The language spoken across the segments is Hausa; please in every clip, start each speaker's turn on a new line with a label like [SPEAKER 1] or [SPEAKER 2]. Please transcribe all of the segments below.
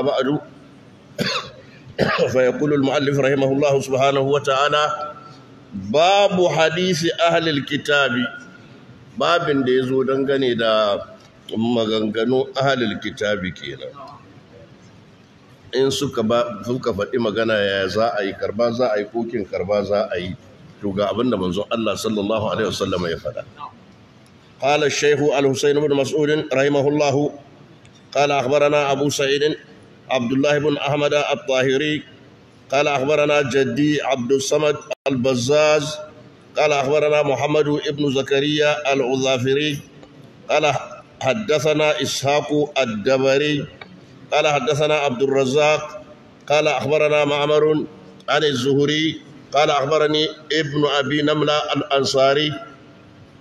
[SPEAKER 1] بعد فيقول المؤلف رحمه الله سبحانه وتعالى باب حديث أهل الكتاب باب da yazo dangane da maganganun ahlul kitabi kenan in suka ba suka faɗi magana ya za a yi karba za a yi kokin karba za a yi to ga abin da manzon Allah sallallahu alaihi wasallam ya faɗa قال الشيخ الحسين بن مسعود رحمه الله قال أخبرنا Abu, سعيد عبد الله بن أحمد الطاهري قال أخبرنا جدي عبد الصمد البزاز قال أخبرنا محمد بن زكريا العظافري قال حدثنا إسحاق الدبري قال حدثنا عبد الرزاق قال أخبرنا معمر عن الزهري قال أخبرني ابن أبي نملة الأنصاري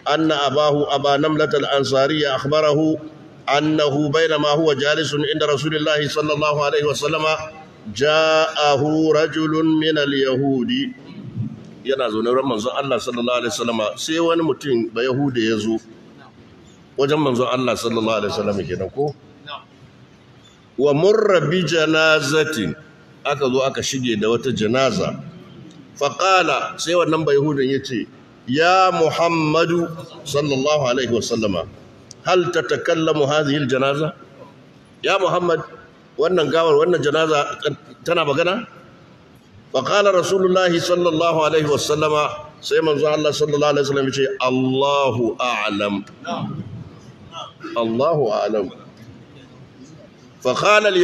[SPEAKER 1] أن أباه أبا نملة الأنصاري أخبره أنه بينما هو جالس عند رسول الله صلى الله عليه وسلم جاءه رجل من اليهود yana zaune ran manzon Allah sallallahu alaihi wasallam sai wani mutum ba yahuda ya zo wajen manzon Allah sallallahu alaihi wasallam kenan ko wa murra bi janazati aka zo aka shige da wata janaza qala sai wannan ba yahudin yace ya muhammadu sallallahu alaihi wasallama hal ta takallamu hadhil janaza ya muhammad wannan gawar wannan janaza tana magana fa qala sallallahu alaihi wasallama sai manzo allah sallallahu alaihi wasallam yace allahu a'lam allahu a'lam fa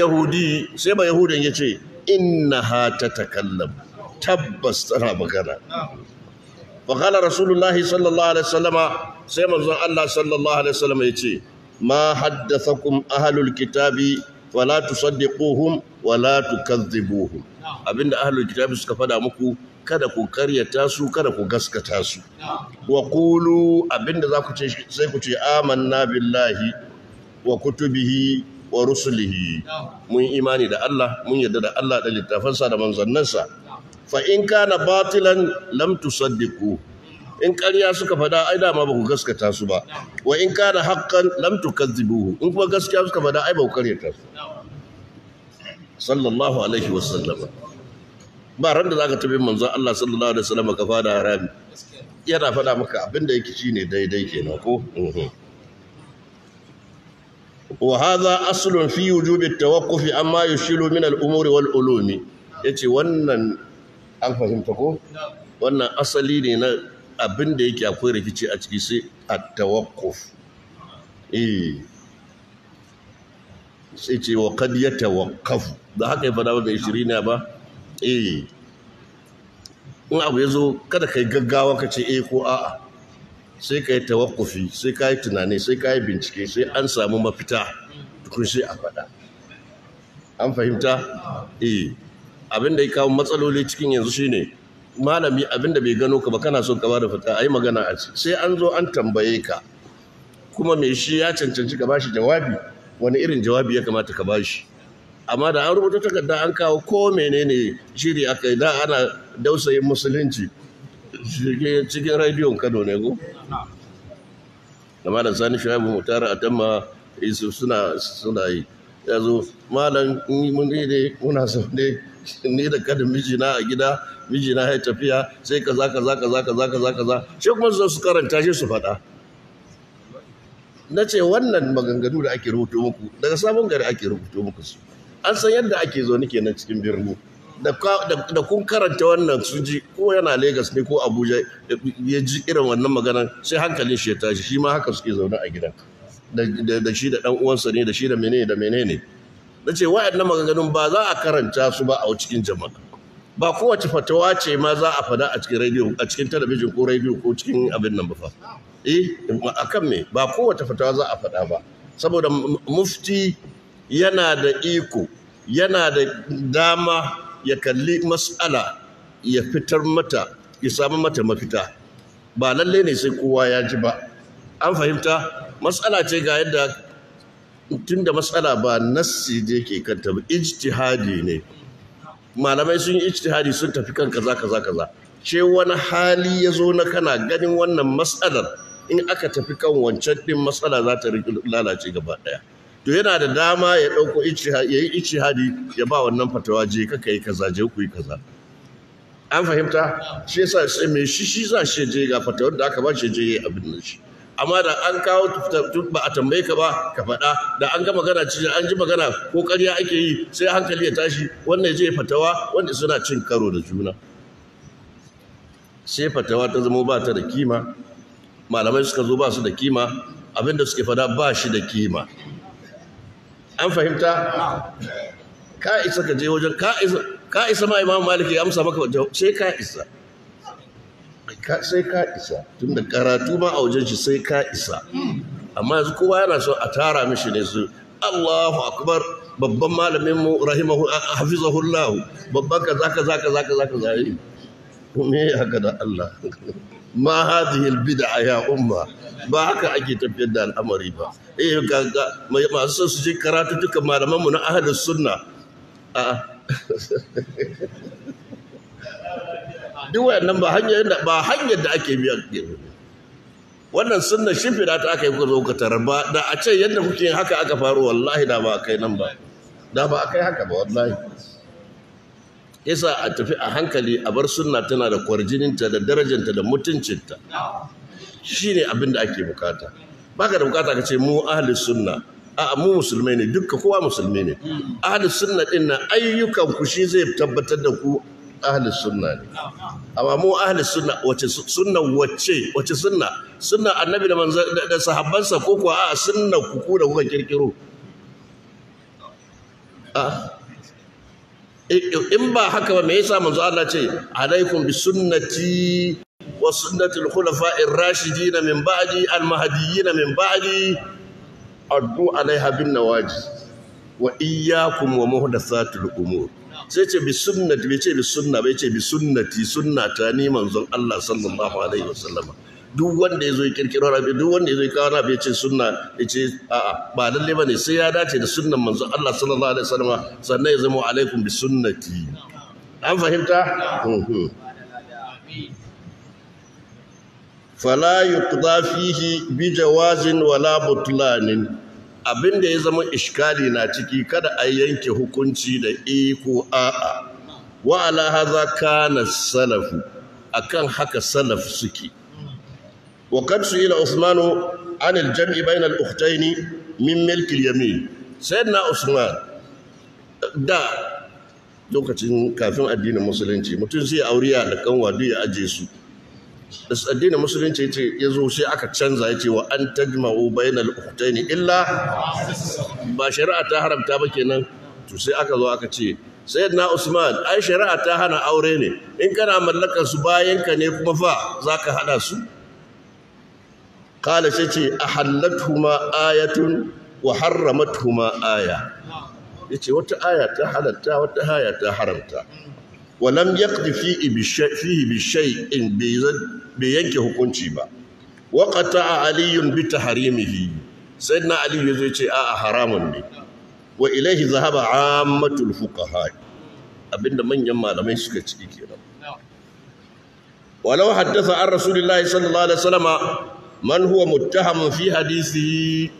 [SPEAKER 1] yahudi sai ba yahudan yace innaha tatakallam tabbas tana bagana. فقال رسول الله صلى الله عليه وسلم سيما الله صلى الله عليه وسلم يتي ما حدثكم أهل الكتاب فلا تصدقوهم ولا تكذبوهم أبن أهل الكتاب سكفدا مكو kada ku karyata su kada ku gaskata su wa qulu abinda za ku ce sai ku ce amanna billahi wa kutubihi wa rusulihi mun imani da Allah mun yarda da Allah da littafansa da manzannansa fa in kana batilan lamtu tusaddiqu in ƙarya suka faɗa ai dama ba ku gaskata su ba wa in kana haƙƙan lamtu tukazzibuhu in kuma gaskiya suka faɗa ai ba ku karyata su sallallahu alaihi wa sallama. ba ran da za zaka tabi manzon Allah sallallahu alaihi wasallam ka fada harami yana faɗa maka abin da yake shine daidai kenan ko mhm. wa hadha aslun fi wujubi at-tawaqquf amma yushilu min al-umuri wal ulumi yace wannan an fahimta ko wannan asali ne na abin da yake akwai rikici a ciki sai a tawakuf eh sai ce wa kad ya tawakkafu da haka ya fada wanda ishirina ba eh in abu ya zo kada ka yi gaggawa ka ce eh ko a'a sai ka yi tawakkufi sai ka yi tunani sai ka yi bincike sai an samu mafita tukun sai a faɗa an fahimta eh abin da ya kawo matsaloli cikin yanzu shine malami abin da bai gano ka ba kana so ka bada fita ayi magana a ci sai an zo an tambaye ka kuma me shi ya cancanci ka bashi jawabi wani irin jawabi ya kamata ka bashi amma da an rubuta takarda an kawo ko menene shiri akai kai? da ana dausayin musulunci cikin rediyon Kano ne go amma da sani shaibu mutara atamma eh, suna suna yi yazo malam mun dai muna son dai ni da kada mijina a gida mijina ya tafiya sai kaza kaza kaza kaza kaza kaza shi kuma su su karanta shi su faɗa na ce wannan maganganu da ake rubuto muku daga sabon gari ake rubuto muku su an san yadda ake zo nake nan cikin birni da kun karanta wannan sun ji ko yana Legas ne ko Abuja ya ji irin wannan maganan sai hankalin shi ya tashi shi ma haka suke zaune a gidan da shi da ɗan uwansa ne da shi da menene da menene ne na ce na maganganun ba za a karanta su ba a cikin jama'a ba kowace fatawa ce ma za a fada a cikin rediyo a cikin talabijin ko rediyo ko cikin abin nan ba fa eh a kan me ba kowace fatawa za a fada ba saboda mufti yana da iko yana da dama ya kalli mas'ala ya fitar mata ya samu mata mafita ba lalle ne sai kowa ya ji ba an fahimta matsala ce ga yadda tunda matsala ba nassi da yake kanta ba ijtihadi ne malamai sun yi ijtihadi sun tafi kan kaza kaza kaza ce wani hali ya zo na kana ganin wannan matsalar in aka tafi kan wancan din matsala za ta lalace gaba daya to yana da dama ya dauko ijtihadi ya yi ijtihadi ya ba wannan fatawa je ka kai kaza je ku yi kaza an fahimta shi yasa sai me shi shi za shi je ga fatawar da aka ba shi je abin nan shi amma da an kawo ba a tambaye ka ba ka faɗa da an ga magana cikin an ji magana ko ƙarya ake yi sai hankali ya tashi wannan zai fatawa wanda suna cin karo da juna sai fatawa ta zama ba ta da kima malamai suka zo ba su da kima abinda suke faɗa ba shi da kima an fahimta ka isa ka je wajen ka isa ma imam maliki amsa maka sai ka isa sai ka isa tunda karatu ma a wajen shi sai ka isa amma yanzu kowa yana so a tara mishi ne su Allahu akbar babban malamin mu rahimahu hafizahullah babban ka zaka zaka zaka kaza kuma ya haka da Allah ma hadhihi albid'a ya umma ba haka ake tafiyar da al'amari ba eh ga masu son su je karatu duka malaman mu na ahlus sunna a duk wayannan ba hanyar da ba hanyar da ake biya yanzu wannan sunna shimfida ta aka yi ku zo ka tarar da a ce yadda kuke yin haka aka faru wallahi da ba a kai nan ba da ba a kai haka ba wallahi yasa a tafi a hankali a bar sunna tana da kwarjininta da darajanta da mutuncinta shine abin da ake bukata baka da bukata ka ce mu ahli sunna a mu musulmai ne dukka kowa musulmi ne ahli sunna ɗin na ayyukan ku shi zai tabbatar da ku ahli sunna ne amma mu ahli sunna wace sunna wace wace sunna sunna annabi da manzo da sahabbansa ko kuwa a sunna ku ku da kuka kirkiro Ah. in ba haka ba me yasa manzo Allah ce alaikum bi sunnati wa sunnati al-khulafa'i ar-rashidin min ba'di al-mahdiyyin min ba'di addu alaiha bin nawaji wa iyyakum wa muhdathatil umur sai ce bi sunnati bai ce bi sunna bai ce bi sunnati sunna ta ni manzon Allah sallallahu alaihi wasallam duk wanda ya zo ya kirkiro rabi duk wanda ya zo ya kawo rabi ya ce sunna ya ce a'a ba lalle bane sai ya dace da sunnan manzon Allah sallallahu alaihi wasallam sannan ya zama alaikum bi sunnati an fahimta mhm. fala yuqda fihi bi jawazin wala butlanin abin da ya zama iskali na ciki kada a yanke hukunci da iko a'a wa za ka kana salafu A kan haka salaf suke wa kad ila usmanu an al-jam'i bayna al ni, min milkil al-yamin na usman da lokacin kafin addinin musulunci mutum zai auriya da kanwa duk ya aje su addinin musulunci ya zo sai aka canza yace wa an tajma'u bainal ne illa ba shari'a ta haramta ba kenan to sai aka zo aka ce sayyidina Usman ai shari'a ta hana aure ne in kana mallakar su bayan ka ne kuma fa za ka hada su kala shi ce a ahallathuma ayatun wa harramathuma aya Ya ce wata aya ta halatta wata haya ta haramta walam yaqdi fihi bi shay'in bai yanke hukunci ba wa a aliyun bi na sayyidina ali zai ce a haramun ne wa ilaihi zahaba ammatul fuqaha abinda manyan malamai suka ciki kenan walau haddasa an rasulullahi sallallahu alaihi wasallama man huwa muttahamun fi hadisi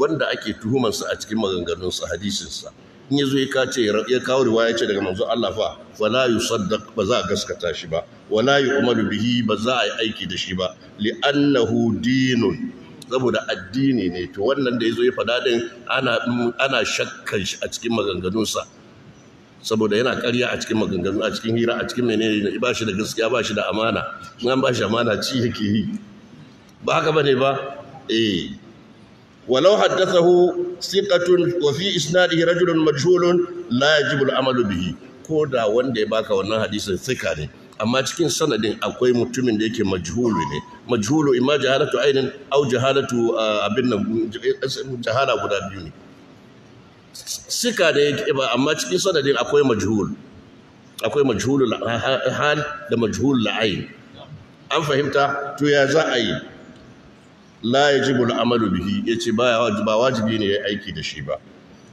[SPEAKER 1] wanda ake tuhumarsa a cikin maganganunsa hadisinsa in yazo ya ce ya kawo riwaya ce daga manzo Allah fa wala yusaddaq ba za a gaskata shi ba wala yu'malu bihi ba za a yi aiki da shi ba li'annahu dinun saboda addini ne to wannan da yazo ya fada din ana ana shakkan shi a cikin maganganunsa saboda yana ƙarya a cikin maganganun a cikin hira a cikin menene ba shi da gaskiya ba shi da amana in an ba shi amana ci yake yi ba haka bane ba eh ولو حدثه ثقة وفي إسناده رجل مجهول لا يجب العمل به كودا وندي باكا wannan حديث ثقة ne. Amma cikin sanadin akwai mutumin da yake majhulu ne majhulu imma jahalatu ainin au jahalatu abin nan jahala guda biyu ne sika da yake ba amma cikin sanadin akwai majhul akwai majhulul hal da majhulul ain an fahimta to ya za a yi la bula al'amalu bihi yace ba ba wajibi ne yi aiki da shi ba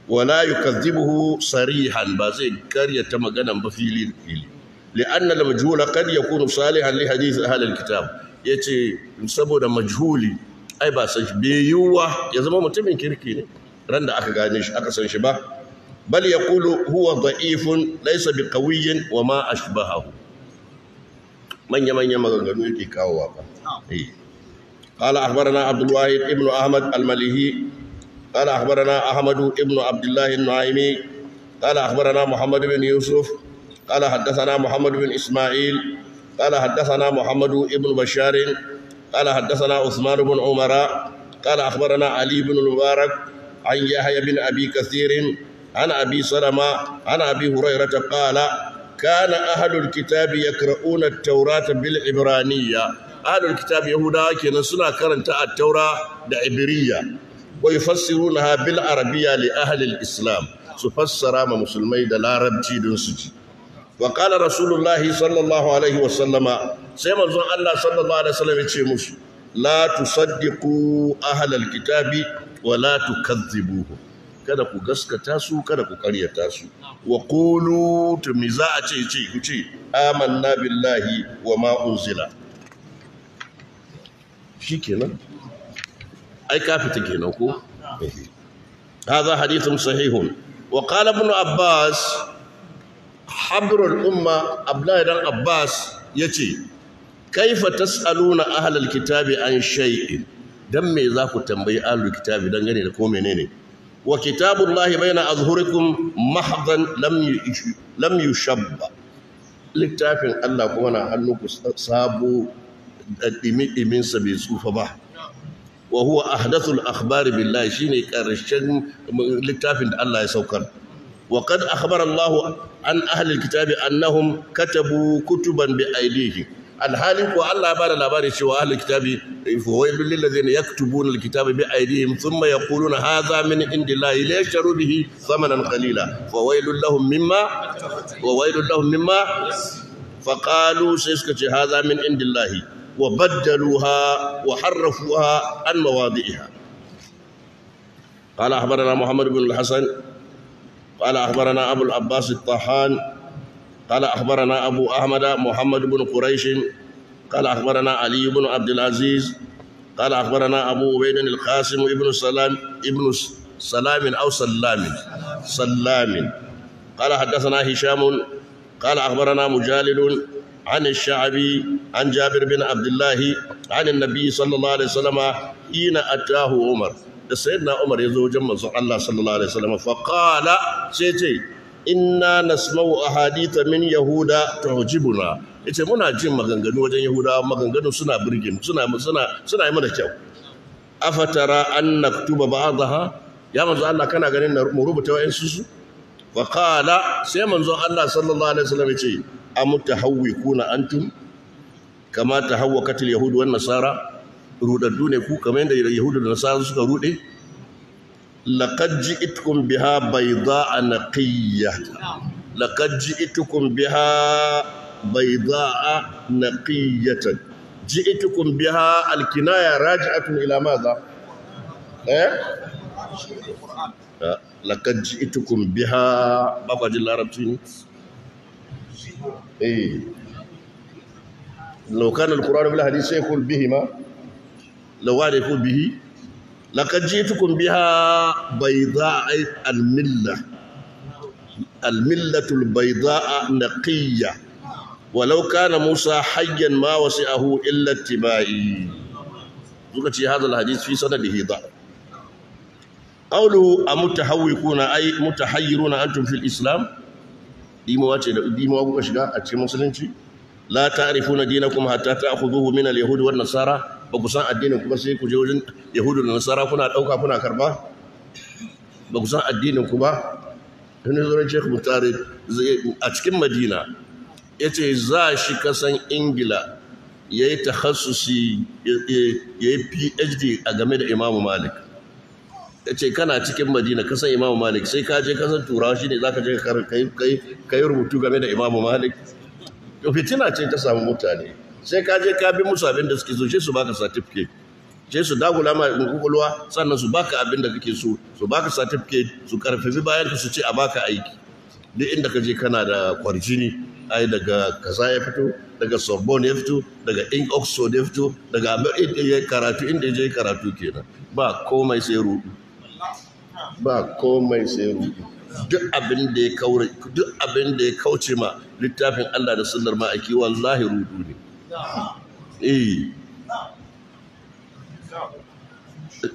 [SPEAKER 1] wala yukazzibuhu sarihan ba zai karyata maganan ba fili fili li'anna majula kan ya yakunu salihan li hadith a halin kitab ce saboda majhuli ai ba san shi bai ya zama mutumin kirki ne ran da aka gane shi aka san shi ba bal kulu huwa da'ifun bi biqawiyyin wa ma ashbahahu manya manya maganganu yake kawowa ba eh قال أخبرنا عبد الواحد ابن أحمد المليهي قال أخبرنا أحمد ابن عبد الله النعيمي قال أخبرنا محمد بن يوسف قال حدثنا محمد بن إسماعيل قال حدثنا محمد ابن بشار قال حدثنا عثمان بن عمر قال أخبرنا علي بن المبارك عن يحيى بن أبي كثير عن أبي سلمة عن أبي هريرة قال كان أهل الكتاب يقرؤون التوراة بالعبرانية ahlul kitab yahudawa kenan suna karanta at-taura da ibriya wa yufassirunaha bil arabiyya li ahli al-islam su fassara ma musulmai da larabci don su ji wa qala sallallahu alaihi wa sallama sai manzon Allah sallallahu alaihi wa sallam ce musu la tusaddiqu ahlal kitabi wa la tukazzibuhu kada ku gaskata su kada ku karyata su wa qulu tumi a ce ce ku ce amanna billahi wa ma unzila shi kenan ai ka fita kenan ko هذا حديث صحيح وقال ابن عباس حبر الأمة أبناء عباس يتي كيف تسألون أهل الكتاب عن شيء dan me za ku tambayi ahlul kitabi dan gane da ko menene wa kitabullahi baina azhurikum mahdan lam lam yushabba littafin Allah kuma na hannu ku sabo ɗimi-ɗiminsa bai tsufa ba wa huwa ahdathul akhbari billahi shine karshen littafin da Allah ya saukar wa qad akhbara Allah an ahli alkitabi annahum katabu kutuban bi aydihi ko Allah ya bada labari cewa ahli alkitabi fawailul lil ladzina yaktubuna alkitaba bi aydihim thumma yaquluna hadha min indillahi la bihi thamanan qalila lahum mimma wa lahum mimma faqalu sai suka ce hadha min indillahi وبدلوها وحرفوها عن مواضعها قال أخبرنا محمد بن الحسن قال أخبرنا أبو العباس الطحان قال أخبرنا أبو أحمد محمد بن قريش قال أخبرنا علي بن عبد العزيز قال أخبرنا أبو عبيد القاسم ابن سلام ابن سلام أو سلام سلام قال حدثنا هشام قال أخبرنا مجالد عن الشعبي عن جابر بن عبد الله عن النبي صلى الله عليه وسلم حين أتاه عمر سيدنا عمر يزوج الله صلى الله عليه وسلم فقال سيتي إنا نسمع أحاديث من يهودا تعجبنا yace muna jin maganganu wajen yahudawa maganganu suna birgin suna suna suna yi mana kyau afatara an naktuba ba'daha ya manzo Allah kana ganin mu rubuta wa'in su fa qala sai manzo Allah sallallahu alaihi wasallam ce. am tahawwikuna antum kama tahawwakat al Yahudu wan nasara rudaddu ne ku kamar yadda yahudu da nasara suka rude laqad ji'tukum biha bayda'a naqiyya laqad ji'tukum biha bayda'a naqiyatan ji'tukum biha al-kinaya raji'atun ila madha eh laqad ji'tukum biha ba ku ji larabci ne eh لو كان القرآن بالحديث يقول بهما لو كان يقول به لقد جئتكم بها بيضاء الملة الملة البيضاء نقية ولو كان موسى حيا ما وسعه إلا اتباعي زوجتي هذا الحديث في سنده ضعف قوله أمتحوكون أي متحيرون أنتم في الإسلام Dimowa ce da dimowa kuka shiga a cikin musulunci la ta'rifuna dinakum hatta ta'khudhuhu min al-yahudi wan nasara ba ku san addinin kuma sai ku je wajen yahudu da nasara kuna dauka kuna karba ba ku san addinin ku ba wani zuwan Sheikh Muhtar a cikin Madina yace za shi kasan Ingila yayi takhassusi yayi PhD a game da Imamu Malik ce kana cikin madina ka san imamu malik sai ka je ka san turawa shi ne za ka je ka yi rubutu game da imamu malik to fitina ce ta samu mutane sai ka je ka bi musu abin da suke so shi su baka certificate sai su dagula ma kukulwa sannan su baka abin da kake so su baka certificate su karfafi bayan ka su ce a baka aiki duk inda ka je kana da kwarjini ai daga kaza ya fito daga sorbonne ya fito daga in oxford ya fito daga eh, eh, karatu inda ya je karatu kenan ba komai sai rudu ba komai sai rudu duk abin da ya kaure duk abin da ya kauce ma littafin Allah da sunnar aiki, wallahi rudu ne eh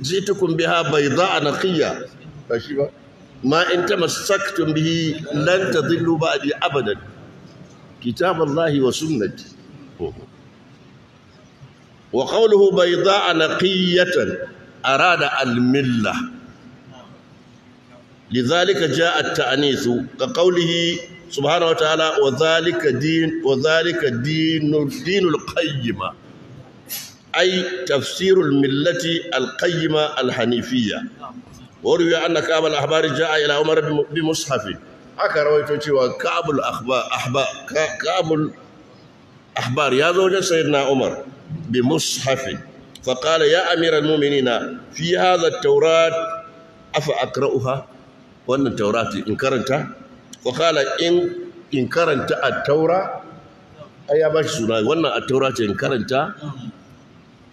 [SPEAKER 1] jitukum biha bayda'a naqiya ba shi ba ma in tamassaktum bihi lan tadillu ba'di abadan kitaballahi wa sunnati wa qawluhu bayda'a naqiyatan arada al-millah لذلك جاء التأنيث كقوله سبحانه وتعالى وذلك دين وذلك دين الدين القيمة أي تفسير الملة القيمة الحنيفية وروي أن كعب الأحبار جاء إلى عمر بمصحف haka rawaito cewa kabul kabul ahbar ya zo wajen sayyidina umar bi mushafin fa qala ya amiral mu'minina fi hadha at-taurat afa akra'uha wannan taurati in karanta wa in karanta a taura A ya bashi suna wannan a taura ce in karanta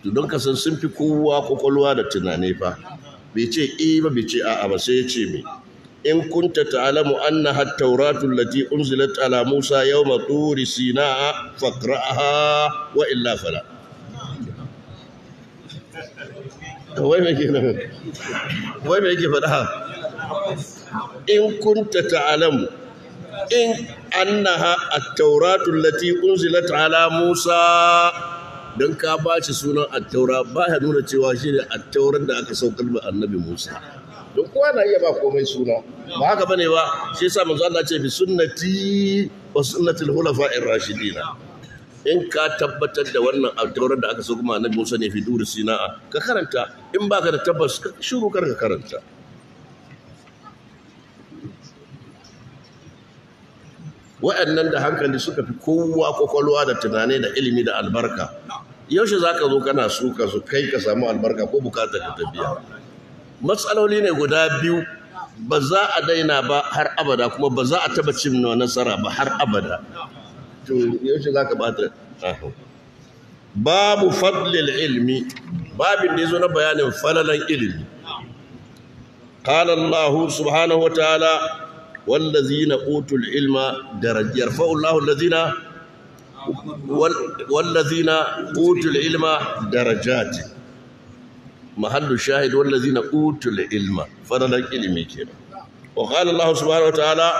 [SPEAKER 1] to don san sun fi kowa kwakwalwa da tunani fa bai ce i ba bai ce a'a ba sai ya ce me in kunta ta'lamu anna at-tauratu allati unzilat ala Musa yawma turi Sina, faqra'aha wa illa fala wai me yake wai me yake faɗa in kunta ta'lamu in annaha at-tauratu allati unzilat ala Musa dan ka ba sunan at-taura ba ya nuna cewa shine at-tauran da aka saukar da annabi Musa don kowa na iya ba komai suna ba haka bane ba shi yasa manzo Allah ce bi sunnati wa hulafa khulafa'ir rashidin in ka tabbatar da wannan at da aka saukar da annabi Musa ne fi duri sina'a ka karanta in baka da tabbas shiru kar ka karanta wa'annan da hankali suka fi kowa kwakwalwa da tunani da ilimi da albarka yaushe za ka zo kana suka su kai ka samu albarka ko bukatar ka tafiya matsaloli ne guda biyu ba za a daina ba har abada kuma ba za a taba cin nasara ba har abada to yaushe za ka bata babu fadlil ilmi babin da ya zo na bayanin falalan ilimi قال الله سبحانه وتعالى والذين أوتوا العلم درجة يرفع الله الذين والذين أوتوا العلم درجات محل الشاهد والذين أوتوا العلم فرنا كلمة كده وقال الله سبحانه وتعالى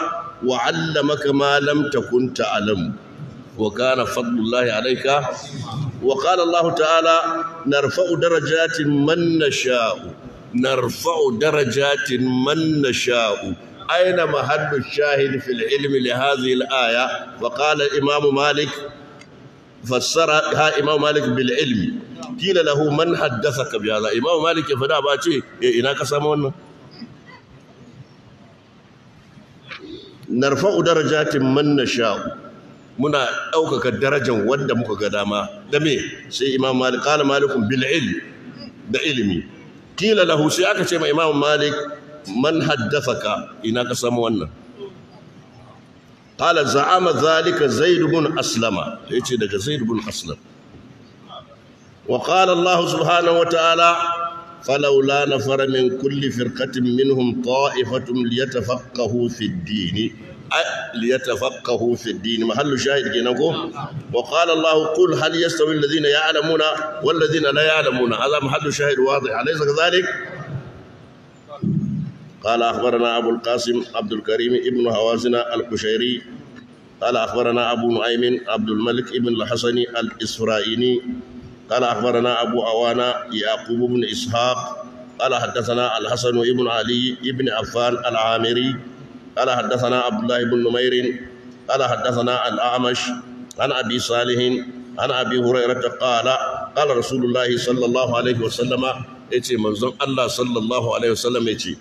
[SPEAKER 1] وعلمك ما لم تكن تعلم وكان فضل الله عليك وقال الله تعالى نرفع درجات من نشاء نرفع درجات من نشاء أين محل الشاهد في العلم لهذه الآية وقال الإمام مالك فسرها إمام مالك بالعلم قيل له من حدثك بهذا إمام مالك فدا باتي إنا كسامون نرفع درجات من نشاء منا أوكك الدرجة ود مكقداما دمي سي إمام مالك قال مالك بالعلم بعلمي قيل له سيأكشف إمام مالك man haddafaka ina ka samu wannan qala za'ama zalika zaid ibn aslama yace daga zaid ibn aslam wa qala allah subhanahu wa ta'ala falawla nafara min kulli firqatin minhum ta'ifatun liyatafaqahu fi ad-din ليتفقهوا في الدين محل شاهد كينكو وقال الله قل هل يستوي الذين يعلمون والذين لا يعلمون هذا محل شاهد واضح أليس كذلك قال أخبرنا أبو القاسم عبد الكريم ابن هوازن القشيري قال أخبرنا أبو نعيم عبد الملك ابن الحسن الإسرائيلي قال أخبرنا أبو عوانا يعقوب بن إسحاق قال حدثنا الحسن ابن علي ابن عفان العامري قال حدثنا عبد الله بن نمير قال حدثنا الأعمش عن أبي صالح عن أبي هريرة قال قال رسول الله صلى الله عليه وسلم يتي منزل الله صلى الله عليه وسلم يتي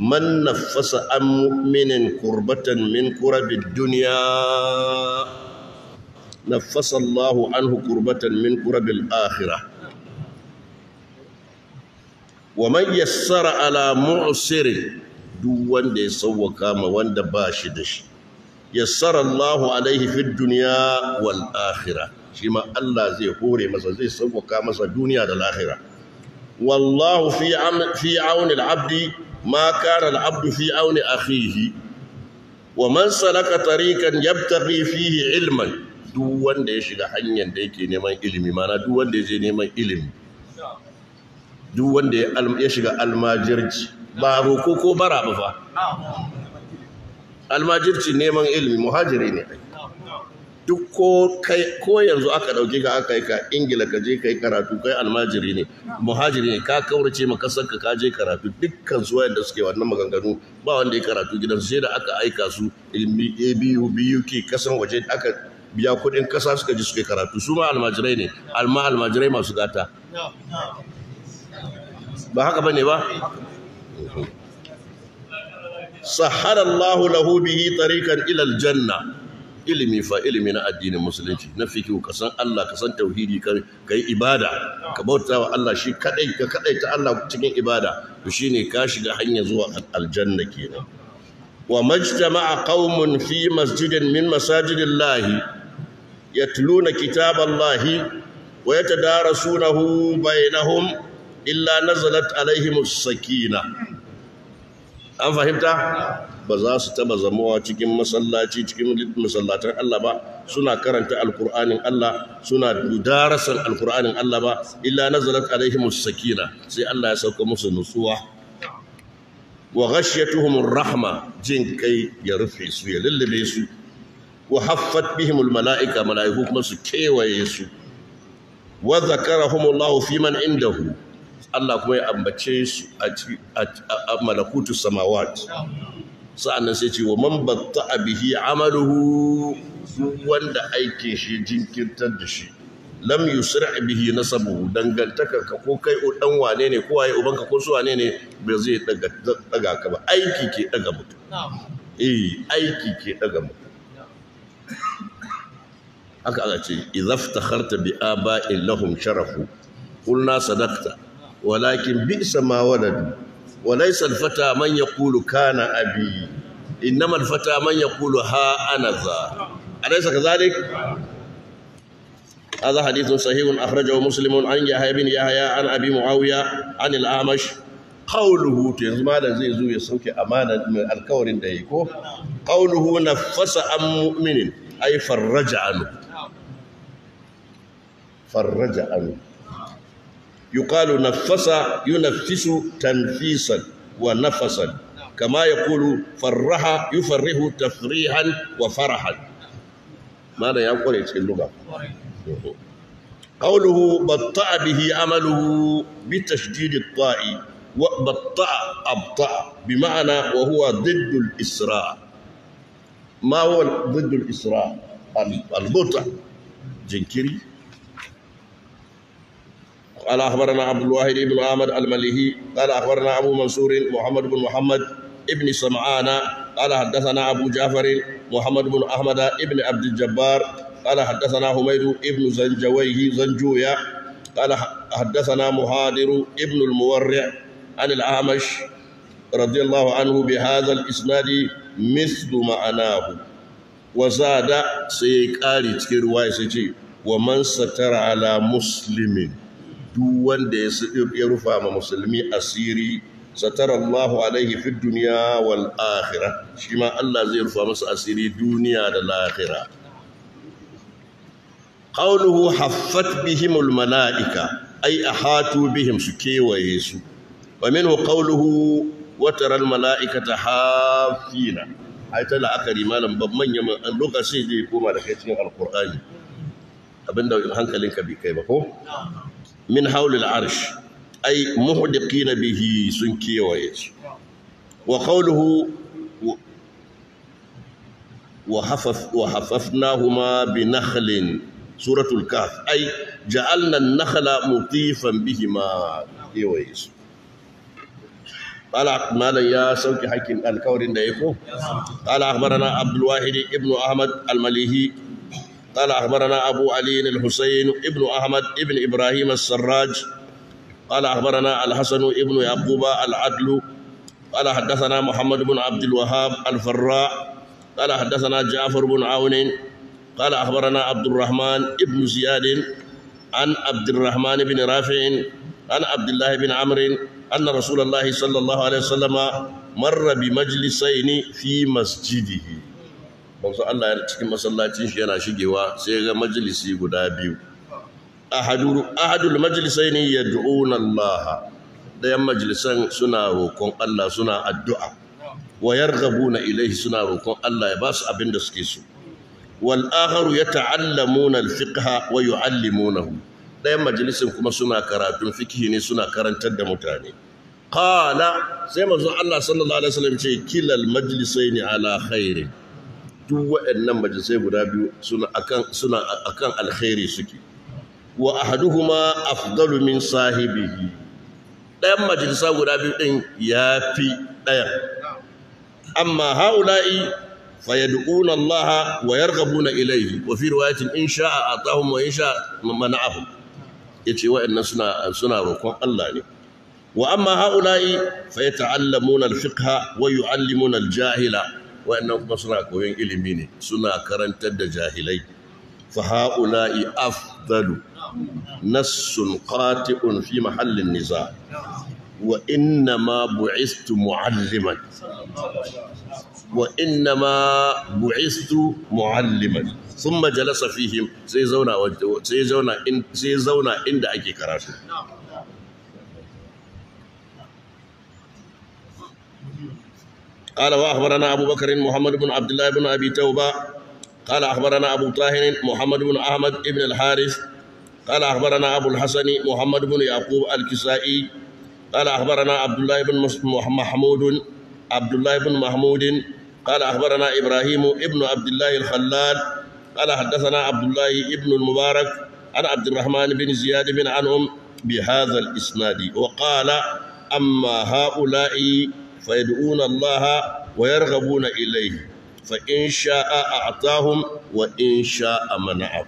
[SPEAKER 1] man nafasa an mu'minin kurbatan min kurabid duniya nafasa Allahu anhu kurbatan min kurabil akhirah wa man yassara ala mu'sirin duk wanda ya sauwaka ma wanda ba shi da shi yassara Allahu alaihi fid duniya wal akhirah shi ma Allah zai hore masa zai sauwaka masa duniya da lahira wallahu fi fi auni abdi ma kana al-abdu fi auni a akhihi wa man salaka tariqan yabtari fihi ilman duk wanda ya shiga hanyar da yake neman ilimi mana duk wanda ya je neman ilimi duk wanda ya shiga almajirci ba roko ko bara ba fa almajirci neman ilimi muhajiri ne ai duk ko kai ko yanzu aka dauke ka aka yi ka ingila ka je kai karatu kai almajiri ne muhajiri ne ka kaurace ma kasar ka ka je karatu dukkan su wayanda suke wannan maganganu ba wanda ya karatu gidan sai da aka aika su ABU BUK kasan waje aka biya kuɗin kasa suka ji suke karatu su ma almajirai ne alma almajirai masu gata ba haka bane ba sahara Allahu lahu bihi tariqan ila aljanna ilimi fa ilimi na addinin musulunci na fikihu ka san Allah ka san tauhidi ka yi ibada ka bauta wa Allah shi kadai ka kadai ta Allah cikin ibada to shine ka shiga hanya zuwa aljanna kenan wa majtama'a qaumun fi masjidin min masajidillahi yatluna kitaballahi wa yatadarasunahu bainahum illa nazalat alaihim sakinah an fahimta ba za su taba zamowa cikin masallaci cikin masallatan Allah ba suna karanta alkur'anin Allah suna darasan alkur'anin Allah ba illa nazalat alaihim sakina sai Allah ya sauka musu nutsuwa wa ghashiyatuhum rahma jin kai ya rufe su ya lullube su wa haffat bihim almalaika malaiku kuma su kewaye su wa zakarahum Allah fi man indahu Allah kuma ya ambace su a malakutu samawat sa'annan sai ce wa man batta'a bihi amaluhu wanda aike shi jinkirtar da shi lam yusri' bihi nasabu dangantaka ka ko kai dan wane ne ko waye ubanka ko su wane ne bai zai daga ka ba aiki ke daga mutum eh aiki ke daga mutum haka aka ce idza iftakharta bi aba'in lahum sharafu qulna sadaqta walakin bi'sa ma waladu walaysa al-fata man yaqulu kana abi innama al-fata man yaqulu ha ana za هذا حديث صحيح أخرجه مسلم عن يحيى بن يحيى عن أبي معاوية عن الأعمش قوله تزما da zai zo ya sauke amana mai alkawarin da yake ko qawluhu nafasa am mu'minin ay farraja farraja يقال نفس ينفس تنفيسا ونفسا كما يقول فرح يفرح تفريحا وفرحا ماذا يقول اللغة قوله بطأ به عمله بتشديد الطاء وبطأ أبطأ بمعنى وهو ضد الإسراء ما هو ضد الإسراء البطأ جنكري قال أخبرنا عبد الواحد بن عامر المليهي قال أخبرنا أبو منصور محمد بن محمد ابن سمعان قال حدثنا أبو جعفر محمد بن أحمد ابن عبد الجبار قال حدثنا حميد ابن زنجويه زنجويا قال حدثنا مهادر ابن المورع عن الأعمش رضي الله عنه بهذا الإسناد مثل معناه وزاد سيكاري تكير وايسيتي ومن ستر على مسلم duk wanda ya rufa ma musulmi asiri satara Allahu alaihi fi duniya wal akhira shi ma Allah zai rufa masa asiri duniya da lahira qawluhu haffat bihim al malaika ay ahatu bihim su kewaye su wa minhu qawluhu wa tara al malaikata hafina ai ta la'akari malam ban manya an lokaci zai koma da kai cikin alqur'ani abinda hankalinka bai kai ba ko min haulil arsh ay muhdiqina bihi sun kewaye shi wa qawluhu wa hafaf wa hafafnahuma bi nakhlin suratul kahf ay ja'alna an-nakhla mutifan bihima kewaye ya قال مالا يا da حكيم الكورين دايكو قال أخبرنا عبد الواحد ابن أحمد المليهي قال أخبرنا أبو علي الحسين ابن أحمد ابن إبراهيم السراج قال أخبرنا الحسن ابن يعقوب العدل قال حدثنا محمد بن عبد الوهاب الفراء قال حدثنا جعفر بن عون قال أخبرنا عبد الرحمن ابن زياد عن عبد الرحمن بن رافع عن عبد الله بن عمرو أن رسول الله صلى الله عليه وسلم مر بمجلسين في مسجده manzo Allah ya cikin masallacin shi yana shigewa sai ga majalisi guda biyu ahadul ahadul ya du'una Allah dayan majalisan suna roƙon Allah suna addu'a wa yarghabuna ilaihi suna roƙon Allah ya ba su abin da suke so wal akharu yata'allamuna al-fiqha wa yu'allimunahu dayan majalisin kuma suna karatun fiqhi ne suna karantar da mutane qala sai manzo Allah sallallahu alaihi wasallam ce kilal majlisaini ala khairin duk waɗannan majalisai guda biyu suna akan suna alkhairi suke wa ahaduhuma afdalu min sahibihi ɗayan majalisa guda biyu ɗin ya fi ɗayan amma haula'i fa yad'una wa yarghabuna ilayhi wa fi riwayatin in sha'a atahum wa in sha'a mana'ahu yace waɗannan suna suna Allah ne wa amma haula'i fa yata'allamuna al-fiqha wa yu'allimuna al-jahila wa'annan kuma suna koyon ilimi ne suna karantar da jahilai fa haula'i afdalu nassun qati'un fi mahallin niza wa inna ma bu'istu mu'alliman wa inna ma bu'istu mu'alliman thumma jalasa fihim sai zauna sai zauna inda ake karatu قال وأخبرنا أبو بكر محمد بن عبد الله بن أبي توبة قال أخبرنا أبو طاهر محمد بن أحمد بن الحارث قال أخبرنا أبو الحسن محمد بن يعقوب الكسائي قال أخبرنا عبد الله بن محمود عبد الله بن محمود قال أخبرنا إبراهيم ابن عبد الله الخلال قال حدثنا عبد الله ابن المبارك عن عبد الرحمن بن زياد بن عنهم بهذا الإسناد وقال أما هؤلاء فيدعون الله ويرغبون إليه فإن شاء أعطاهم وإن شاء منعهم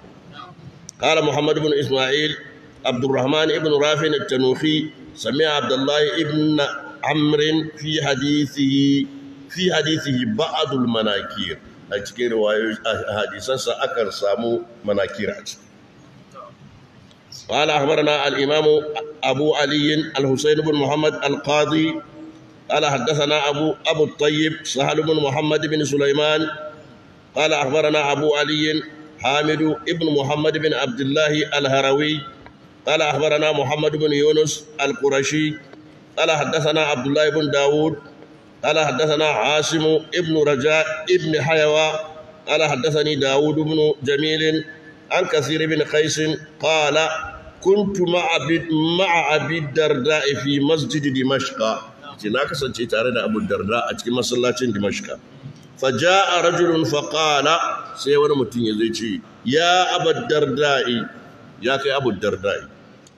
[SPEAKER 1] قال محمد بن إسماعيل عبد الرحمن بن رافع التنوخي سمع عبد الله بن عمرو في حديثه في حديثه بعض المناكير أتكي رواية حديثا سأكر سامو مناكير أتكي قال أخبرنا الإمام أبو علي الحسين بن محمد القاضي قال حدثنا أبو أبو الطيب سهل بن محمد بن سليمان قال أخبرنا أبو علي حامد بن محمد بن عبد الله الهروي قال أخبرنا محمد بن يونس القرشي قال حدثنا عبد الله بن داود قال حدثنا عاصم بن رجاء بن حيوى قال حدثني داود بن جميل عن كثير بن قيس قال كنت مع عبد مع أبي الدرداء في مسجد دمشق ce na kasance tare da Abu Darda a cikin masallacin Dimashka fa a rajulun faƙala. sai wani mutum ya zai ce ya Abu Darda'i ya kai Abu Darda'i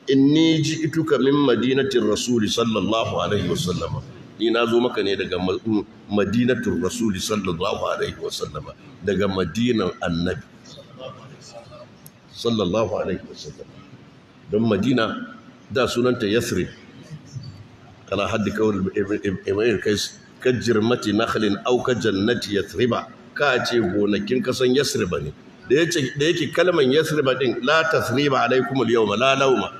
[SPEAKER 1] inni ituka min madinatin rasuli sallallahu alaihi wasallam ni na zo maka ne daga mm, madinatin rasuli sallallahu alaihi wasallam daga madinan annabi sallallahu alaihi wasallam don madina da sunanta yathrib Kana haddi على حد كون ابن كيس كجرمة نخل أو كجنة يثربا كاتي gonakin kasan yasriba ne da yake da yake kalman yasriba din la tasriba alaikum al la lauma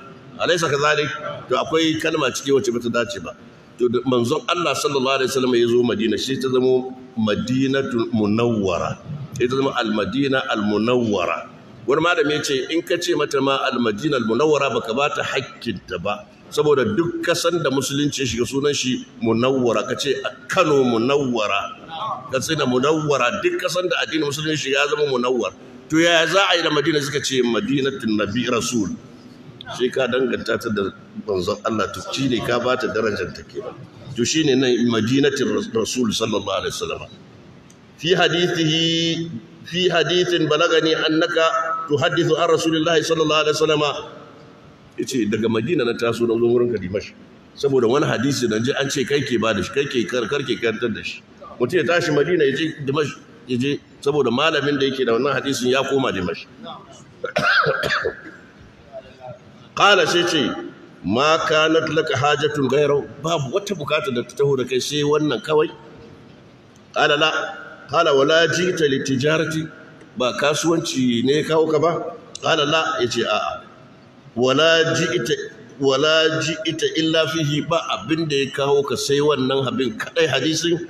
[SPEAKER 1] alaysa kadhalik to akwai kalma ciki wacce bata dace ba to manzon Allah sallallahu alaihi wasallam ya zo Madina shi ta zama Madinatul Munawwara ita zama al-Madina al wani malami ya ce in ka ce mata ma al-Madina al ba ta bata hakkinta ba saboda duk kasan da musulunci shiga sunan shi munawwara a Kano munawwara katsina munawwara duk kasan da addinin musulunci shiga ya zama munawwar to yaya za a yi da Madina suka ce Madinatun Nabi Rasul shi ka danganta ta da manzon Allah to shi ne ka ba ta darajar ta ba. to shine nan madinatin Rasul sallallahu alaihi wasallam fi hadithihi في حديث بلغني أنك تحدث an رسول الله yace daga Madina na taso na zo wurin kadimashi saboda wani hadisi da ji an ce kai ke ba da shi kai ke karkar ke karantar da shi mutum ya tashi Madina ya je Dimash ya je saboda malamin da yake da wannan hadisin ya koma Dimash Kala sai ce ma kanat laka hajatun gairau, babu wata bukata da ta taho da kai sai wannan kawai kala la qala wala jita litijarati ba kasuwanci ne kawo ka ba kala la ce a'a wala ji ita illa fihi ba abin da ya kawo ka sai wannan abin kadai hadisin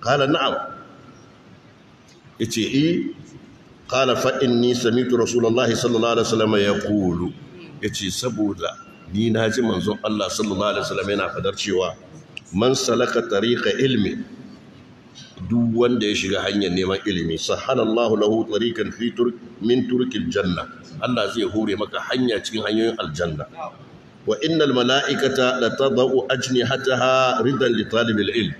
[SPEAKER 1] qala na'am yace eh qala fa inni sami'tu rasulullahi sallallahu alaihi wasallam yaqulu yace saboda ni na ji manzon Allah sallallahu alaihi wasallam yana fadar cewa man salaka tariqa ilmi duk wanda ya shiga hanyar neman ilimi sahanallahu lahu tariqan fi turk min turkil janna Allah zai hore maka hanya cikin hanyoyin aljanna wa innal mala'ikata la tadau ajnihataha ridan li talibil ilm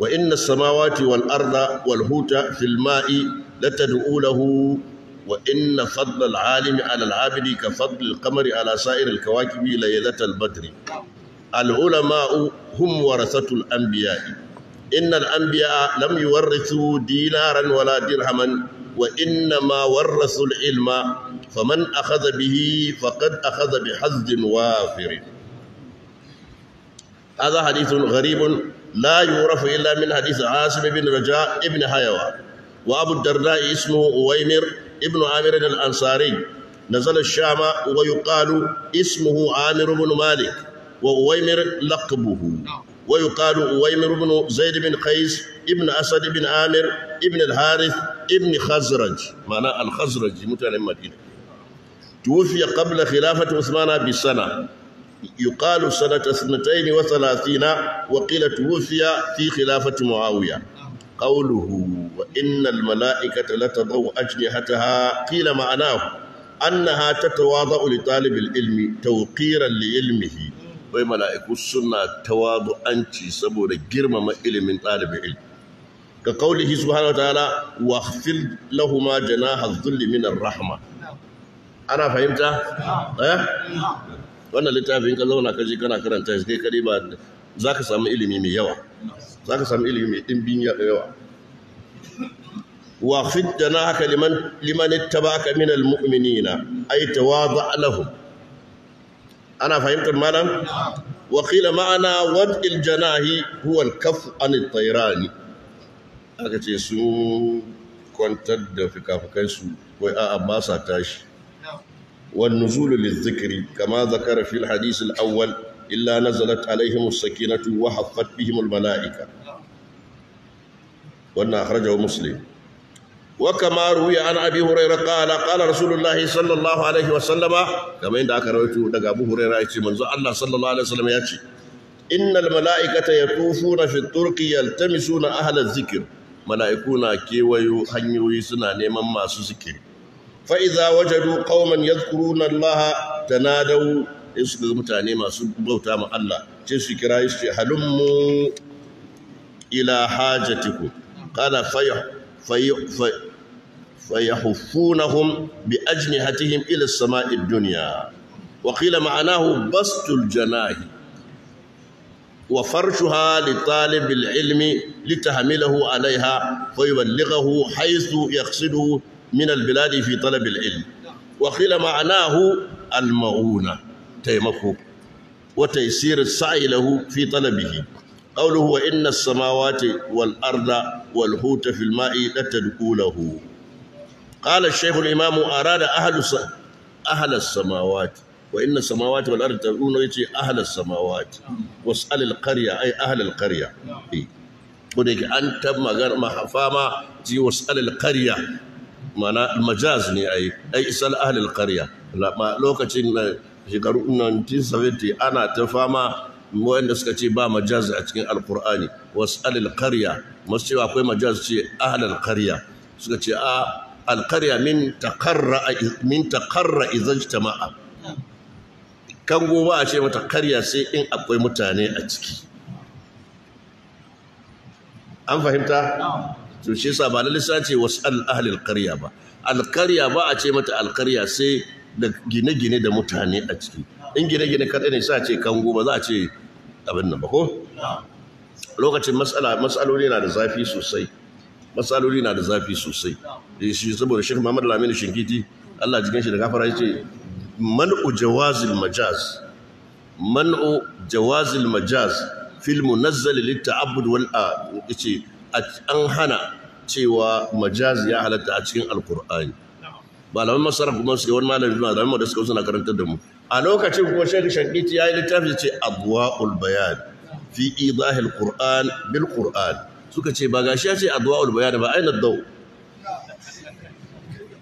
[SPEAKER 1] wa inna samawati wal arda wal huta fil ma'i lahu wa inna fadla al alimi ala al abidi ka fadli al qamari ala sa'ir al kawakibi laylat al badri al ulama'u hum warathatu al anbiya'i إن الأنبياء لم يورثوا دينارا ولا وإنما ورثوا العلم فمن أخذ به فقد أخذ بحظ وافر هذا حديث غريب لا يعرف إلا من حديث عاصم بن رجاء ابن حيوى وأبو الدرداء اسمه أويمر ابن عامر الأنصاري نزل الشام ويقال اسمه عامر بن مالك وأويمر لقبه ويقال أويمر بن زيد بن قيس ابن أسد بن عامر ابن الحارث ابن خزرج معنى الخزرج متعلم مدينة توفي قبل خلافة عثمان بسنة يقال سنة اثنتين وثلاثين وقيل توفي في خلافة معاوية قوله وإن الملائكة لتضوء أجنحتها قيل معناه أنها تتواضع لطالب العلم توقيرا لعلمه wai mala'iku suna tawadu'anci saboda girmama ilimin ɗalibin ilmi ka kaulihi subhanahu wataala wa khfil lahuma janaha dhulli min rahma ana fahimta eh wannan littafin ka zauna ka je kana karanta shi kai kadai ba Za ka samu ilimi mai yawa Za ka samu ilimi mai dimbin yawa wa khfid haka liman liman ittaba'aka min almu'minina ay tawadha lahum ana fahimtar malam wa ma'ana wad'il janahi huwa al-kaff an at-tayran aka ce su kwantar da fikafikai su wai a'a ba sa tashi wa nuzulu lizikiri kama zakara fil hadith al-awwal illa nazalat alaihim as-sakinatu wa haffat bihim al-mala'ika wannan akhrajahu muslim وكما روي عن ابي هريره قال قال رسول الله صلى الله عليه وسلم كما aka rawaito daga Abu Hurairah yace manzo Allah sallallahu alaihi wasallam yace innal malaikata yatufuna fi turqi yaltamisuna ahla dhikr malaiku na kewayo hanyoyi suna neman masu zikiri fa idza wajadu qauman yadhkuruna Allah tanadaw su ga mutane masu bauta ma Allah sai su kira su halummu ila hajatikum فيحفونهم بأجنحتهم إلى السماء الدنيا وقيل معناه بسط الجناح وفرشها لطالب العلم لتحمله عليها فيبلغه حيث يقصده من البلاد في طلب العلم وقيل معناه المعونة تيمكو وتيسير السعي له في طلبه قوله وإن السماوات والأرض والحوت في الماء لتدعو له قال الشيخ الإمام أراد أهل أهل السماوات وإن السماوات والأرض تقولون يجي أهل السماوات واسأل القرية أي أهل القرية ودك أنت ما فما جي واسأل القرية mana majaz ne ai ai isal ahlul lokacin shekaru 1970 ana ta fama wanda suka ce ba majaz a cikin alqur'ani wasalil qarya masu cewa akwai majaz ce ahlul suka ce a alƙarya min ƙarra izan shi ta ma'a, kan goma a ce mata karya sai in akwai mutane a ciki an fahimta to shi yasa ba lalle ce wasu ahal karya ba alƙarya ba a ce mata alƙarya sai da gine-gine da mutane a ciki in gine-gine kaɗai ne sa ce kango goma za a ce abin nan ba ko lokacin matsaloli mas'aloli na da zafi sosai matsaloli na da zafi sosai eh, shi saboda Sheikh Muhammad Lamini Shinkiti Allah jikin shi da gafara yace man'u jawazil majaz man'u jawazil majaz fil munazzal lit a, wal yace an hana cewa majaz ya halatta a cikin Ba malaman masarar kuma suke wani malami malaman da suka suna karanta da mu a lokacin kuma Sheikh Shinkiti yi littafi yace abwaul bayani. fi idahil qur'an bil qur'an suka ce ba gashi ya ce adwa'ul bayan ba aina dawo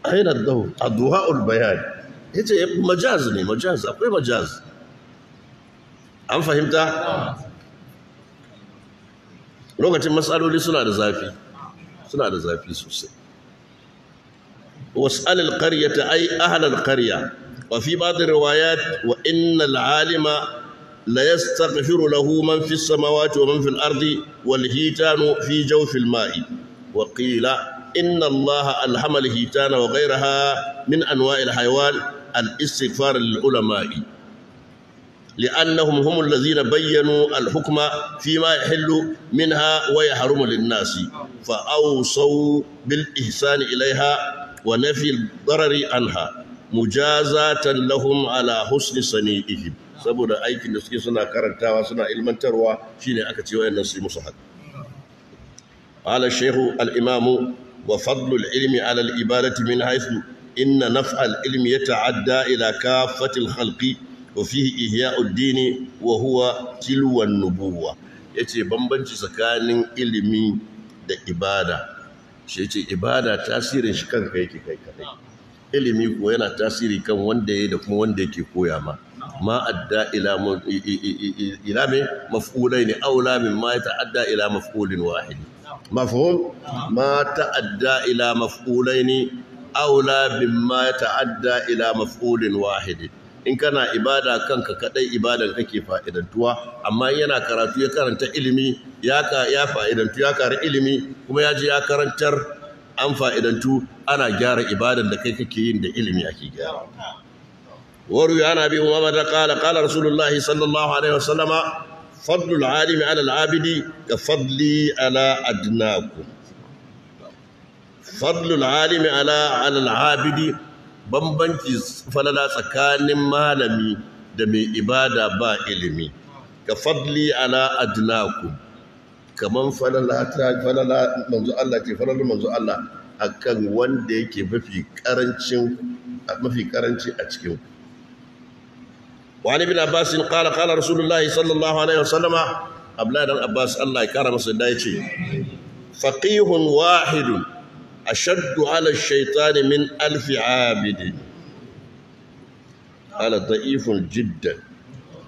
[SPEAKER 1] aina dawo adwa'ul bayan yace eh, majaz ne majaz akwai majaz an fahimta lokacin matsaloli suna da zafi suna da zafi sosai واسأل القرية أي أهل القرية وفي بعض الروايات وإن العالم لا يستغفر له من في السماوات ومن في الأرض والهيتان في جوف الماء وقيل إن الله ألهم الهيتان وغيرها من أنواع الحيوان الاستغفار للعلماء لأنهم هم الذين بينوا الحكم فيما يحل منها ويحرم للناس فأوصوا بالإحسان إليها ونفي الضرر عنها مجازاة لهم على حسن صنيئهم saboda aikin da suke suna karantawa suna ilmantarwa shine aka ce wayannan su musu haɗu. qala shaykhu al imamu wa fadlu al ilmi ala ibadati min haythu inna naf'a al ilmi ta'adda, ila kaffati al khalqi wa fihi ihya'u ad wa huwa tilwa an nubuwa yace bambanci tsakanin ilimi da ibada shi yace ibada tasirin shi kanka yake kai kai. ilimi ko yana tasiri kan wanda ya da kuma wanda yake koya ma ma adda ila ila me maf'ulain maf'ulin wahid mafhum ma ta'adda ila maf'ulain aula mimma yata'adda ila maf'ulin wahid in kana ibada kanka kadai ibadan kake fa'idantuwa amma yana karatu ya karanta ilimi ya ka fa'idantu ya kare ilimi kuma ya ya karantar an fa'idantu ana gyara ibadan da kai kake yin da ilimi ake gyara وروي عن ابي امامه قال قال رسول الله صلى الله عليه وسلم فضل العالم على العابد كفضلي على ادناكم فضل العالم على على العابد بمبنتي فللا tsakanin malami da mai ibada ba ilimi ka fadli ala adnakum kaman falala ta falala manzo Allah ke falala manzo Allah akan wanda yake mafi karancin a cikin وعن ابن عباس قال قال رسول الله صلى الله عليه وسلم أبلا بن عباس الله يكرم سيدايتي فقيه واحد أشد على الشيطان من ألف عابد قال ضعيف جدا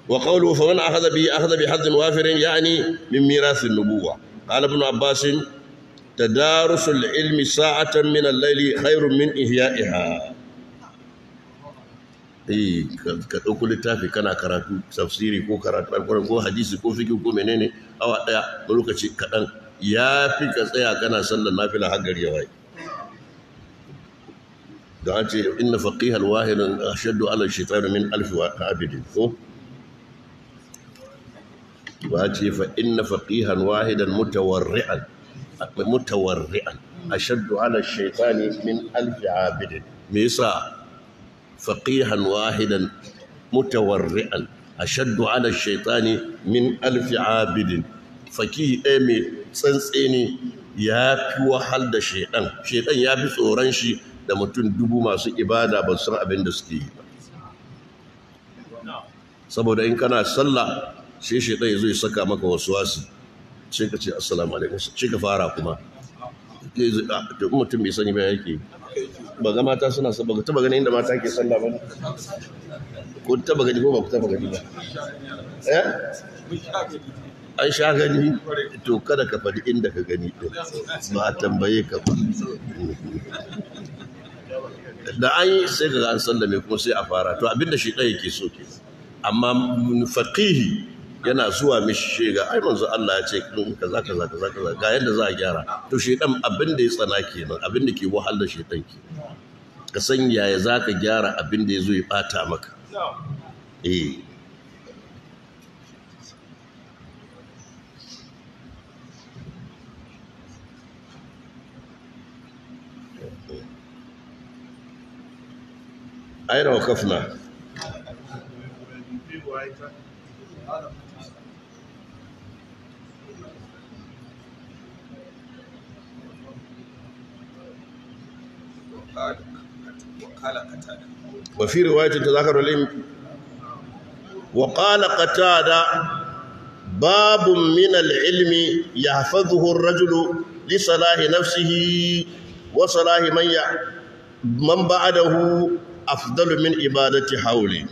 [SPEAKER 1] وقوله فمن أخذ به أخذ بحظ وافر يعني من ميراث النبوة قال ابن عباس تدارس العلم ساعة من الليل خير من إحيائها eh ka ɗauko littafi kana karatu tafsiri ko karatu alƙur'ani ko hadisi ko fiqh ko menene awa ɗaya ko lokaci kaɗan ya fi ka tsaya kana sallar nafila har gari ya waye da an ce inna faqihal wahidan ashaddu ala shaitan min alf wa abidin ko ba ce fa inna faqihan wahidan mutawarri'an mutawarri'an ashaddu ala shaitani min alf abidin me yasa faqihan wahidan mutawarri'an ashaddu ala shaitani min alfi abidin fakihi eh, ɗaya mai tsantseni ya fi wahal da shaiɗan. shaidan ya fi tsoron shi da mutum dubu masu ibada ba san abin da suke yi ba saboda in kana sallah sai shaidan ya saka maka wasu wasu sai ka ce assalamu alaikum sai ka fara kuma ah, mutum bai sani ba yake ba zama mata suna saba, ba taba ganin inda mata ke sallah ba ko taba gani ko ba ku taba gani ba eh an sha gani to kada ka faɗi inda ka gani ɗin ba a tambaye ka ba da an yi sai ka ga an sallame kuma sai a fara to abinda shi ɗaya ke so ke amma faqihi yana zuwa mishi shiga, ai manzo Allah ya ce kaza kaza kaza kaza ga yadda za a gyara to dan abin da ya tsana kenan abin da ke wahal da shaitan ke ka san yaya zaka gyara abin da yazo ya bata maka eh aina wafi riwayatun ta zakarar lim da babin minal ilmi ya fazuhun rajulu li salahi nafsihi wa salahi manya man ba a ibadati haule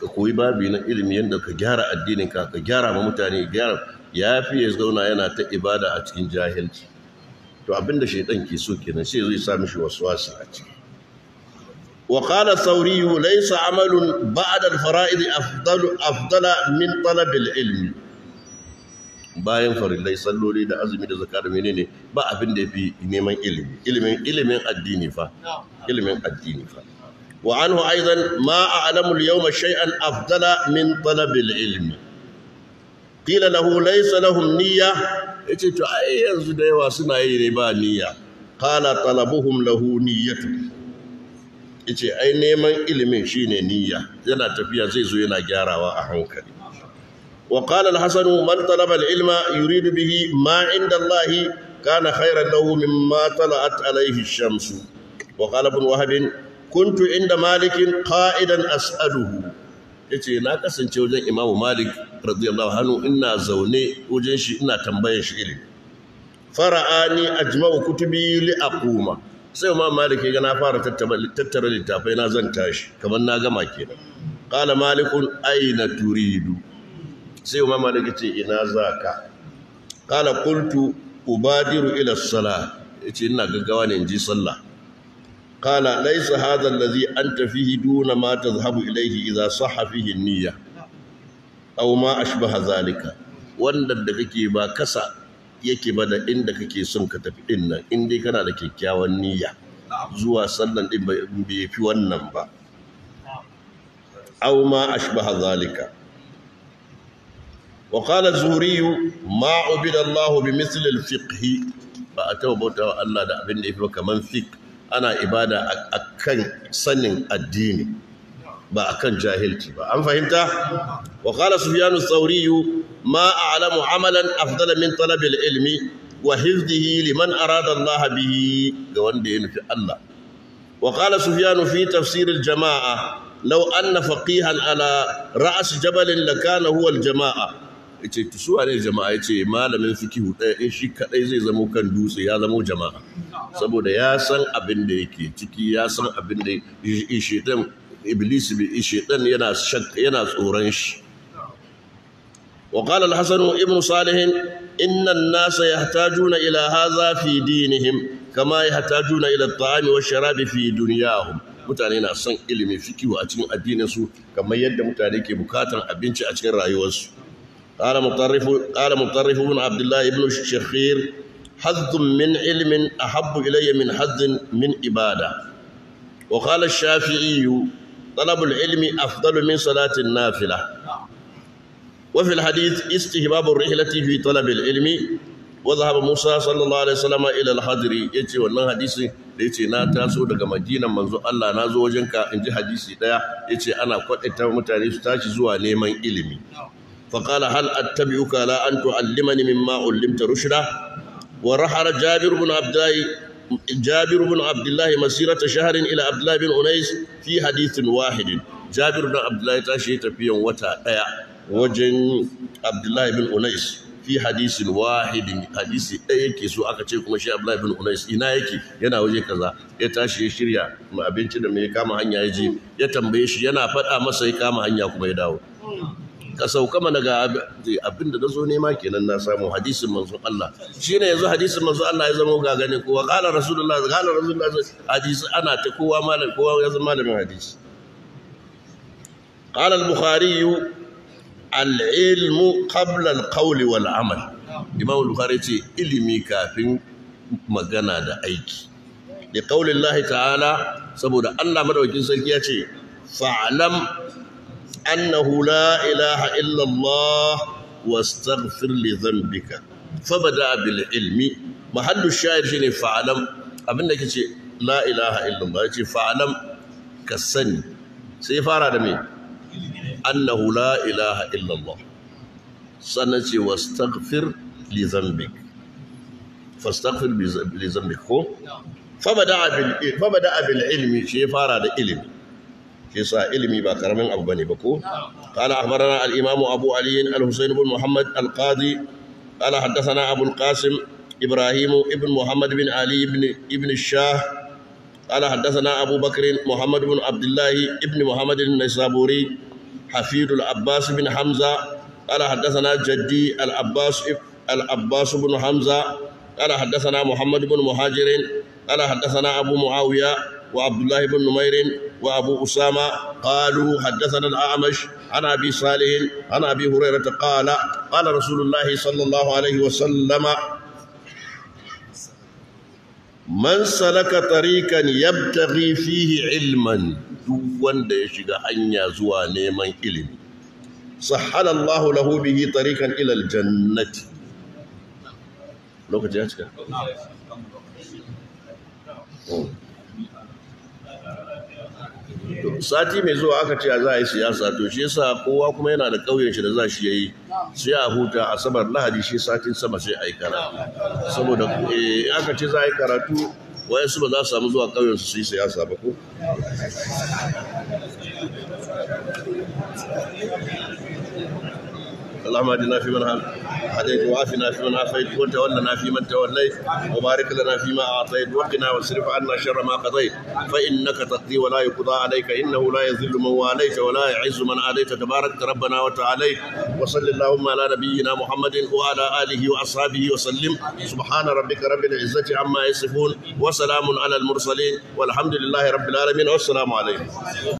[SPEAKER 1] ka koyi babi na ilmi yadda ka gyara addininka ka gyara ma mutane gyara ya fiye zauna yana ta ibada a cikin jahilci to abinda shaitan ke so kenan sai zai sa mishi waswasi a ciki wa qala thawri laysa amalun ba'da al-fara'id afdala min talab al-ilm bayan farillai salloli da azumi da zakka da menene ba abin da yafi neman ilimi ilimin ilimin addini fa ilimin addini fa wa anhu aidan ma a'lamu al-yawma shay'an afdala min talab al-ilm kila lahu laisa niyya yace to ai yanzu da yawa suna yi ne ba niyya qala talabuhum lahu niyyatu yace ai neman ilimin shine niyya yana tafiya zai zo yana gyarawa a hankali wa qala al ilma yuridu bihi ma inda kana khayran lahu mimma talat alayhi ash-shamsu wa qala ibn wahab kuntu inda malikin qa'idan as'aluhu yace na kasance wajen Imam Malik radiyallahu hannu ina zaune wajen shi ina tambayar shi ilimi fara'ani ajma'u kutubi li kuma. sai umar Malik ya ga fara tattara littafai na zan tashi kamar na gama kenan Kala malikun aina turidu sai umar Malik ya ce ina za ka kala kultu ubadiru ila sala. ya ce ina gaggawa ne in ji sallah kala ليس هذا an tafi فيه دون ما تذهب إليه إذا صح فيه النية أو ما أشبه da kake ba kasa yake ba da inda kake son ka tafi din nan kana da kyakkyawan niyya zuwa sallan din bai fi wannan ba aw ma ashbaha zalika wa qala zuhri ma ubida Allah bi mithli al-fiqh ba atawa bauta Allah da abin da yafi kaman fiqh ana ibada a kan sanin addini ba a kan jahilci ba an fahimta wa qala sufyanu thawriyu ma a'lamu amalan afdala min talab ilmi wa hifdhihi liman arada Allah bihi ga wanda ya nufi Allah Wakala qala sufyanu fi tafsirin jamaa law anna faqihan ala ra's jabalin lakana huwa jamaa ce tusuwa ne jama'a ya ce malamin fikihu ɗaya in shi kaɗai zai zamo kan dutse ya zamo jama'a saboda ya san abin da yake ciki ya san abin da shaitan iblis shaitan yana yana tsoron shi al-Hassanu Ibn وقال الحسن ابن صالح إن الناس يحتاجون إلى هذا kama دينهم كما يحتاجون إلى الطعام sharab fi dunyahum mutane na son ilimi fikihu a cikin addininsu kamar yadda mutane ke bukatan abinci a cikin rayuwarsu قال مطرف قال مطرف بن عبد الله بن شخير حظ من علم أحب إلي من حظ من عبادة وقال الشافعي طلب العلم أفضل من صلاة النافلة وفي الحديث استهباب الرحلة في طلب العلم وذهب موسى صلى الله عليه وسلم إلى الحضر يتي والله حديثي يتي نا تاسو daga Madina manzo Allah na zo wajenka inji hadisi daya yace ana kwadaita mutane su tashi zuwa neman ilimi فقال هل أتبعك لا أن تعلمني مما علمت رشدا ورحل جابر بن عبد الله جابر بن عبد الله مسيرة شهر إلى عبد الله بن أنيس في حديث واحد جابر بن عبد الله تاشي تبين وتا أيا وجن عبد الله بن أنيس في حديث واحد حديث أي كيسو أكتشف كما شيء عبد الله بن أنيس إنا يكي ينا وجه كذا يتاشي شريا ما بنتنا من كام هنيا يجي يتنبيش ينا فتا مسا كام هنيا كما يداو ka sauka mana ga abin da nazo nema kenan na samu hadisin manzon Allah Shi ne yanzu hadisin manzon Allah ya zama ga gane kowa qala rasulullahi kala rasulullahi hadisi ana ta kowa malam kowa ya zama malamin hadisi قال البخاري العلم قبل القول والعمل امام Bukhari ce ilimi kafin magana da aiki da qaulin Allah ta'ala saboda Allah madaukakin sarki ya ce fa'lam أنه لا إله إلا الله واستغفر لذنبك فبدأ بالعلم محل الشاعر شنو فعلم أبنك كتشي لا إله إلا الله يتشي فعلم كالسن سيفارة مين أنه لا إله إلا الله سنتي واستغفر لذنبك فاستغفر لذنبك فبدأ بالعلم فبدأ بالعلم شيء فارد العلم shi ilimi ba karamin abu bane ba ko qala akhbarana al imamu abu ali al husayn ibn muhammad al qadi qala haddathana abu al qasim ibrahim ibn muhammad bin ali ibn ibn shah قال حدثنا أبو بكر محمد بن عبد الله ابن محمد النسابوري حفيد العباس بن حمزة قال حدثنا جدي العباس العباس بن حمزة قال حدثنا محمد بن مهاجر قال حدثنا أبو معاوية وعبد الله بن نمير وأبو أسامة قالوا حدثنا الأعمش عن أبي صالح عن أبي هريرة قال قال رسول الله صلى الله عليه وسلم من سلك طريقا يبتغي فيه علما دون دشغ حنيا زوا نيمان علم سهل الله له به طريقا إلى الجنة لو كنت sati mai zuwa aka ce za a yi siyasa to shi yasa kowa kuma yana da ƙauyen shi da za shi yayi sai a huta a asabar lahadi shi satin sama sai a yi karatu saboda eh aka ce za a yi karatu su ba za su samu zuwa ƙauyen su su yi siyasa ba ko اللهم اهدنا فيمن هديت وعافنا فيمن عافيت وتولنا فيمن توليت وبارك لنا فيما اعطيت وقنا واصرف عنا شر ما قضيت فانك تقضي ولا يقضى عليك انه لا يذل من واليت ولا يعز من عليت تبارك ربنا وتعاليت وصل اللهم على نبينا محمد وعلى اله واصحابه وسلم سبحان ربك رب العزه عما يصفون وسلام على المرسلين والحمد لله رب العالمين والسلام
[SPEAKER 2] عليكم